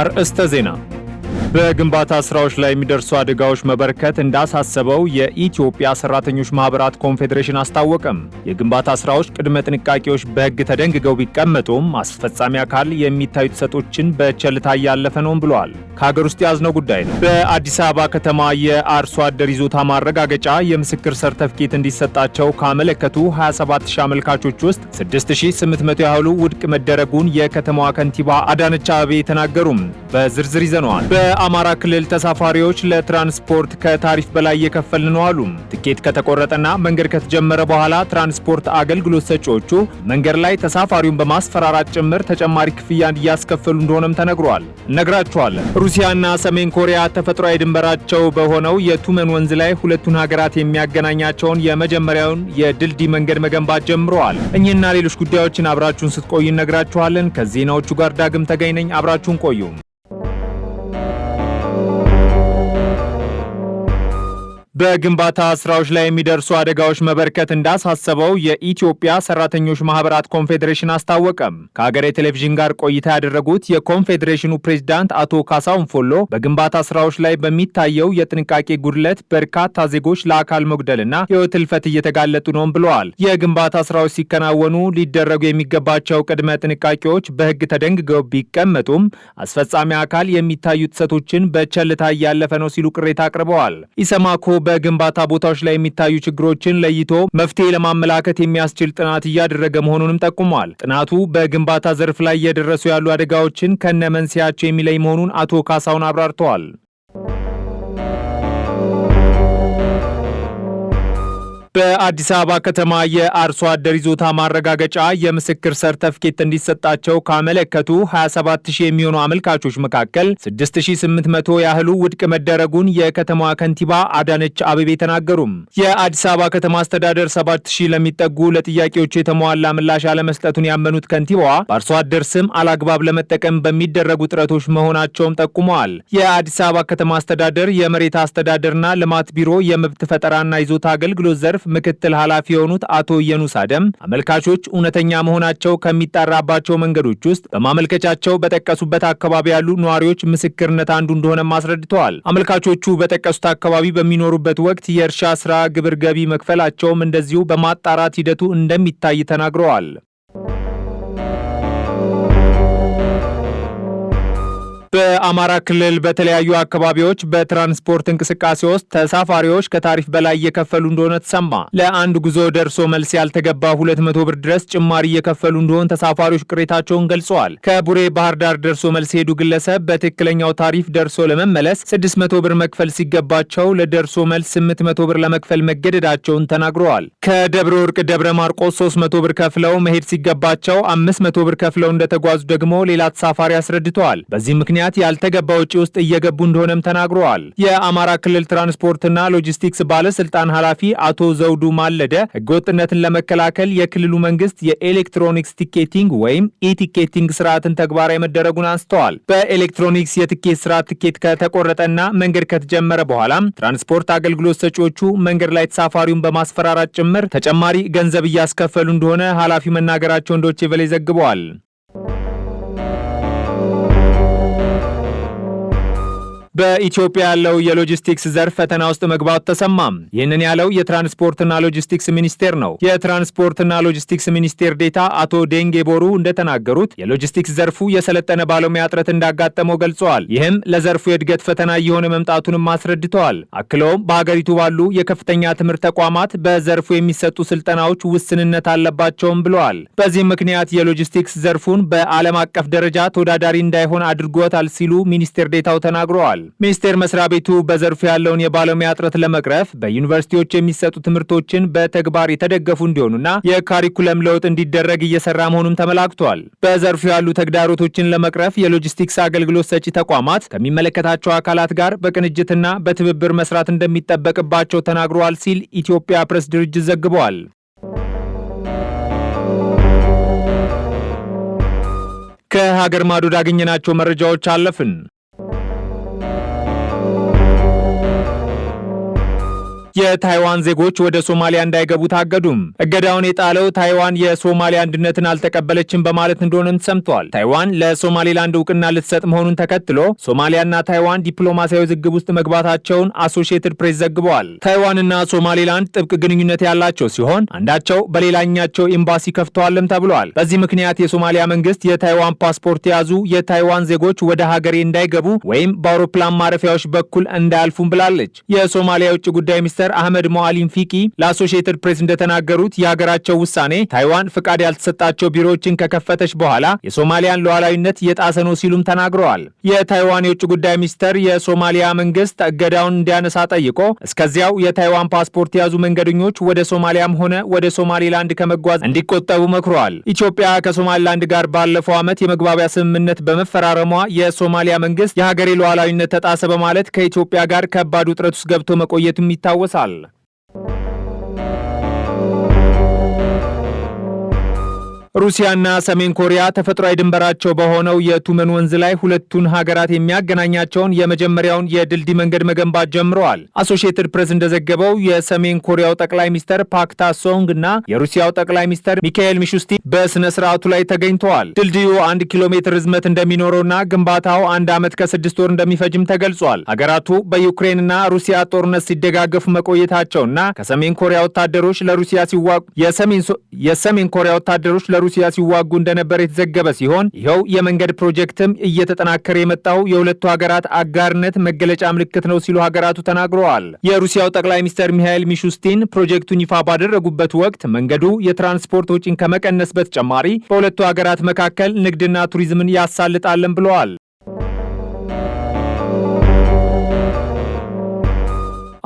አርእስተ ዜና በግንባታ ስራዎች ላይ የሚደርሱ አደጋዎች መበርከት እንዳሳሰበው የኢትዮጵያ ሰራተኞች ማህበራት ኮንፌዴሬሽን አስታወቀም። የግንባታ ስራዎች ቅድመ ጥንቃቄዎች በሕግ ተደንግገው ቢቀመጡም አስፈጻሚ አካል የሚታዩ ጥሰቶችን በቸልታ እያለፈ ነውም ብለዋል። ከሀገር ውስጥ የያዝነው ጉዳይ ነው። በአዲስ አበባ ከተማ የአርሶ አደር ይዞታ ማረጋገጫ የምስክር ሰርተፍኬት እንዲሰጣቸው ካመለከቱ 270 አመልካቾች ውስጥ 6800 ያህሉ ውድቅ መደረጉን የከተማዋ ከንቲባ አዳነች አቤቤ ተናገሩም። በዝርዝር ይዘነዋል። የአማራ ክልል ተሳፋሪዎች ለትራንስፖርት ከታሪፍ በላይ እየከፈል ነው አሉ። ትኬት ከተቆረጠና መንገድ ከተጀመረ በኋላ ትራንስፖርት አገልግሎት ሰጪዎቹ መንገድ ላይ ተሳፋሪውን በማስፈራራት ጭምር ተጨማሪ ክፍያ እያስከፈሉ እንደሆነም ተነግሯል። እነግራችኋለን። ሩሲያና ሰሜን ኮሪያ ተፈጥሯዊ ድንበራቸው በሆነው የቱመን ወንዝ ላይ ሁለቱን ሀገራት የሚያገናኛቸውን የመጀመሪያውን የድልድይ መንገድ መገንባት ጀምረዋል። እኚህና ሌሎች ጉዳዮችን አብራችሁን ስትቆዩ እነግራችኋለን። ከዜናዎቹ ጋር ዳግም ተገኝነኝ አብራችሁን ቆዩ። በግንባታ ስራዎች ላይ የሚደርሱ አደጋዎች መበርከት እንዳሳሰበው የኢትዮጵያ ሰራተኞች ማህበራት ኮንፌዴሬሽን አስታወቀም። ከሀገሬ ቴሌቪዥን ጋር ቆይታ ያደረጉት የኮንፌዴሬሽኑ ፕሬዚዳንት አቶ ካሳውን ፎሎ በግንባታ ስራዎች ላይ በሚታየው የጥንቃቄ ጉድለት በርካታ ዜጎች ለአካል መጉደልና ህይወት እልፈት እየተጋለጡ ነውም ብለዋል። የግንባታ ስራዎች ሲከናወኑ ሊደረጉ የሚገባቸው ቅድመ ጥንቃቄዎች በህግ ተደንግገው ቢቀመጡም አስፈጻሚ አካል የሚታዩ ጥሰቶችን በቸልታ እያለፈ ነው ሲሉ ቅሬታ አቅርበዋል። ኢሰማኮ በግንባታ ቦታዎች ላይ የሚታዩ ችግሮችን ለይቶ መፍትሄ ለማመላከት የሚያስችል ጥናት እያደረገ መሆኑንም ጠቁመዋል። ጥናቱ በግንባታ ዘርፍ ላይ እየደረሱ ያሉ አደጋዎችን ከነመንስያቸው የሚለይ መሆኑን አቶ ካሳውን አብራርተዋል። በአዲስ አበባ ከተማ የአርሶ አደር ይዞታ ማረጋገጫ የምስክር ሰርተፍኬት እንዲሰጣቸው ካመለከቱ 27000 የሚሆኑ አመልካቾች መካከል 6800 ያህሉ ውድቅ መደረጉን የከተማዋ ከንቲባ አዳነች አቤቤ ተናገሩም። የአዲስ አበባ ከተማ አስተዳደር 7000 ለሚጠጉ ለጥያቄዎቹ የተሟላ ምላሽ አለመስጠቱን ያመኑት ከንቲባዋ በአርሶ አደር ስም አላግባብ ለመጠቀም በሚደረጉ ጥረቶች መሆናቸውም ጠቁመዋል። የአዲስ አበባ ከተማ አስተዳደር የመሬት አስተዳደርና ልማት ቢሮ የመብት ፈጠራና ይዞታ አገልግሎት ዘርፍ ምክትል ኃላፊ የሆኑት አቶ የኑስ አደም አመልካቾች እውነተኛ መሆናቸው ከሚጣራባቸው መንገዶች ውስጥ በማመልከቻቸው በጠቀሱበት አካባቢ ያሉ ነዋሪዎች ምስክርነት አንዱ እንደሆነም አስረድተዋል። አመልካቾቹ በጠቀሱት አካባቢ በሚኖሩበት ወቅት የእርሻ ስራ ግብር ገቢ መክፈላቸውም እንደዚሁ በማጣራት ሂደቱ እንደሚታይ ተናግረዋል። በአማራ ክልል በተለያዩ አካባቢዎች በትራንስፖርት እንቅስቃሴ ውስጥ ተሳፋሪዎች ከታሪፍ በላይ እየከፈሉ እንደሆነ ተሰማ። ለአንድ ጉዞ ደርሶ መልስ ያልተገባ 200 ብር ድረስ ጭማሪ እየከፈሉ እንደሆን ተሳፋሪዎች ቅሬታቸውን ገልጸዋል። ከቡሬ ባህር ዳር ደርሶ መልስ ሄዱ ግለሰብ በትክክለኛው ታሪፍ ደርሶ ለመመለስ 600 ብር መክፈል ሲገባቸው ለደርሶ መልስ 800 ብር ለመክፈል መገደዳቸውን ተናግረዋል። ከደብረ ወርቅ ደብረ ማርቆስ 300 ብር ከፍለው መሄድ ሲገባቸው 500 ብር ከፍለው እንደተጓዙ ደግሞ ሌላ ተሳፋሪ አስረድተዋል። በዚህ ምክንያት ምክንያት ያልተገባ ወጪ ውስጥ እየገቡ እንደሆነም ተናግረዋል። የአማራ ክልል ትራንስፖርትና ሎጂስቲክስ ባለስልጣን ኃላፊ አቶ ዘውዱ ማለደ ህገወጥነትን ለመከላከል የክልሉ መንግስት የኤሌክትሮኒክስ ቲኬቲንግ ወይም ኢቲኬቲንግ ስርዓትን ተግባራዊ መደረጉን አንስተዋል። በኤሌክትሮኒክስ የትኬት ስርዓት ትኬት ከተቆረጠና መንገድ ከተጀመረ በኋላም ትራንስፖርት አገልግሎት ሰጪዎቹ መንገድ ላይ ተሳፋሪውን በማስፈራራት ጭምር ተጨማሪ ገንዘብ እያስከፈሉ እንደሆነ ኃላፊ መናገራቸውን ዶቼ ቬለ ዘግበዋል። በኢትዮጵያ ያለው የሎጂስቲክስ ዘርፍ ፈተና ውስጥ መግባቱ ተሰማም ይህንን ያለው የትራንስፖርትና ሎጂስቲክስ ሚኒስቴር ነው። የትራንስፖርትና ሎጂስቲክስ ሚኒስቴር ዴታ አቶ ዴንጌ ቦሩ እንደተናገሩት የሎጂስቲክስ ዘርፉ የሰለጠነ ባለሙያ እጥረት እንዳጋጠመው ገልጸዋል። ይህም ለዘርፉ የእድገት ፈተና እየሆነ መምጣቱንም አስረድተዋል። አክለውም በሀገሪቱ ባሉ የከፍተኛ ትምህርት ተቋማት በዘርፉ የሚሰጡ ስልጠናዎች ውስንነት አለባቸውም ብለዋል። በዚህም ምክንያት የሎጂስቲክስ ዘርፉን በዓለም አቀፍ ደረጃ ተወዳዳሪ እንዳይሆን አድርጎታል ሲሉ ሚኒስቴር ዴታው ተናግረዋል። ሚኒስቴር መስሪያ ቤቱ በዘርፉ ያለውን የባለሙያ እጥረት ለመቅረፍ በዩኒቨርሲቲዎች የሚሰጡ ትምህርቶችን በተግባር የተደገፉ እንዲሆኑና የካሪኩለም ለውጥ እንዲደረግ እየሰራ መሆኑም ተመላክቷል። በዘርፉ ያሉ ተግዳሮቶችን ለመቅረፍ የሎጂስቲክስ አገልግሎት ሰጪ ተቋማት ከሚመለከታቸው አካላት ጋር በቅንጅትና በትብብር መስራት እንደሚጠበቅባቸው ተናግረዋል ሲል ኢትዮጵያ ፕሬስ ድርጅት ዘግበዋል። ከሀገር ማዶ ያገኘናቸው መረጃዎች አለፍን። የታይዋን ዜጎች ወደ ሶማሊያ እንዳይገቡ ታገዱም። እገዳውን የጣለው ታይዋን የሶማሊያ አንድነትን አልተቀበለችም በማለት እንደሆነም ሰምቷል። ታይዋን ለሶማሌላንድ እውቅና ልትሰጥ መሆኑን ተከትሎ ሶማሊያና ታይዋን ዲፕሎማሲያዊ ዝግብ ውስጥ መግባታቸውን አሶሺየትድ ፕሬስ ዘግበዋል። ታይዋንና ሶማሌላንድ ጥብቅ ግንኙነት ያላቸው ሲሆን አንዳቸው በሌላኛቸው ኤምባሲ ከፍተዋልም ተብሏል። በዚህ ምክንያት የሶማሊያ መንግስት የታይዋን ፓስፖርት የያዙ የታይዋን ዜጎች ወደ ሀገሬ እንዳይገቡ ወይም በአውሮፕላን ማረፊያዎች በኩል እንዳያልፉም ብላለች። የሶማሊያ የውጭ ጉዳይ ሚኒስትር ዶክተር አህመድ ሞአሊም ፊቂ ለአሶሺየትድ ፕሬስ እንደተናገሩት የሀገራቸው ውሳኔ ታይዋን ፍቃድ ያልተሰጣቸው ቢሮዎችን ከከፈተች በኋላ የሶማሊያን ሉዓላዊነት የጣሰ ነው ሲሉም ተናግረዋል። የታይዋን የውጭ ጉዳይ ሚኒስተር የሶማሊያ መንግስት እገዳውን እንዲያነሳ ጠይቆ እስከዚያው የታይዋን ፓስፖርት የያዙ መንገደኞች ወደ ሶማሊያም ሆነ ወደ ሶማሌላንድ ከመጓዝ እንዲቆጠቡ መክረዋል። ኢትዮጵያ ከሶማሊላንድ ጋር ባለፈው ዓመት የመግባቢያ ስምምነት በመፈራረሟ የሶማሊያ መንግስት የሀገሬ ሉዓላዊነት ተጣሰ በማለት ከኢትዮጵያ ጋር ከባድ ውጥረት ውስጥ ገብቶ መቆየቱም ይታወሳል። சால் ሩሲያና ሰሜን ኮሪያ ተፈጥሯዊ ድንበራቸው በሆነው የቱመን ወንዝ ላይ ሁለቱን ሀገራት የሚያገናኛቸውን የመጀመሪያውን የድልድይ መንገድ መገንባት ጀምረዋል። አሶሺየትድ ፕሬስ እንደዘገበው የሰሜን ኮሪያው ጠቅላይ ሚኒስተር ፓክታ ሶንግ እና የሩሲያው ጠቅላይ ሚኒስተር ሚካኤል ሚሹስቲ በስነ ስርዓቱ ላይ ተገኝተዋል። ድልድዩ አንድ ኪሎ ሜትር ርዝመት እንደሚኖረውና ግንባታው አንድ ዓመት ከስድስት ወር እንደሚፈጅም ተገልጿል። ሀገራቱ በዩክሬንና ሩሲያ ጦርነት ሲደጋገፉ መቆየታቸውና ከሰሜን ኮሪያ ወታደሮች ለሩሲያ ሲዋጉ የሰሜን ኮሪያ ወታደሮች ለ ሩሲያ ሲዋጉ እንደነበር የተዘገበ ሲሆን ይኸው የመንገድ ፕሮጀክትም እየተጠናከረ የመጣው የሁለቱ ሀገራት አጋርነት መገለጫ ምልክት ነው ሲሉ ሀገራቱ ተናግረዋል። የሩሲያው ጠቅላይ ሚኒስትር ሚሃኤል ሚሹስቲን ፕሮጀክቱን ይፋ ባደረጉበት ወቅት መንገዱ የትራንስፖርት ወጪን ከመቀነስ በተጨማሪ በሁለቱ ሀገራት መካከል ንግድና ቱሪዝምን ያሳልጣለን ብለዋል።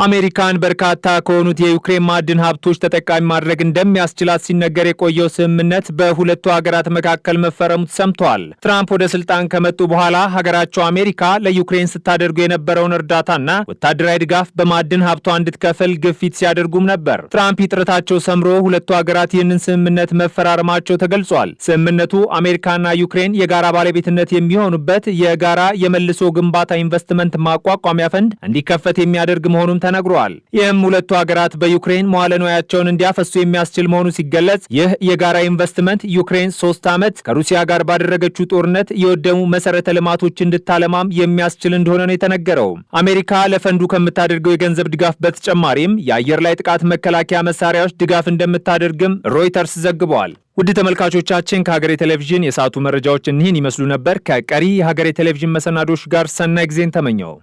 አሜሪካን በርካታ ከሆኑት የዩክሬን ማዕድን ሀብቶች ተጠቃሚ ማድረግ እንደሚያስችላት ሲነገር የቆየው ስምምነት በሁለቱ ሀገራት መካከል መፈረሙ ሰምተዋል። ትራምፕ ወደ ስልጣን ከመጡ በኋላ ሀገራቸው አሜሪካ ለዩክሬን ስታደርጉ የነበረውን እርዳታና ወታደራዊ ድጋፍ በማዕድን ሀብቷ እንድትከፍል ግፊት ሲያደርጉም ነበር። ትራምፕ ይጥረታቸው ሰምሮ ሁለቱ ሀገራት ይህንን ስምምነት መፈራረማቸው ተገልጿል። ስምምነቱ አሜሪካና ዩክሬን የጋራ ባለቤትነት የሚሆኑበት የጋራ የመልሶ ግንባታ ኢንቨስትመንት ማቋቋሚያ ፈንድ እንዲከፈት የሚያደርግ መሆኑም ተነግሯል። ይህም ሁለቱ ሀገራት በዩክሬን መዋለ ንዋያቸውን እንዲያፈሱ የሚያስችል መሆኑ ሲገለጽ ይህ የጋራ ኢንቨስትመንት ዩክሬን ሶስት ዓመት ከሩሲያ ጋር ባደረገችው ጦርነት የወደሙ መሰረተ ልማቶች እንድታለማም የሚያስችል እንደሆነ ነው የተነገረው። አሜሪካ ለፈንዱ ከምታደርገው የገንዘብ ድጋፍ በተጨማሪም የአየር ላይ ጥቃት መከላከያ መሳሪያዎች ድጋፍ እንደምታደርግም ሮይተርስ ዘግቧል። ውድ ተመልካቾቻችን ከሀገሬ ቴሌቪዥን የሰዓቱ መረጃዎች እኒህን ይመስሉ ነበር። ከቀሪ የሀገሬ ቴሌቪዥን መሰናዶች ጋር ሰናይ ጊዜን ተመኘው።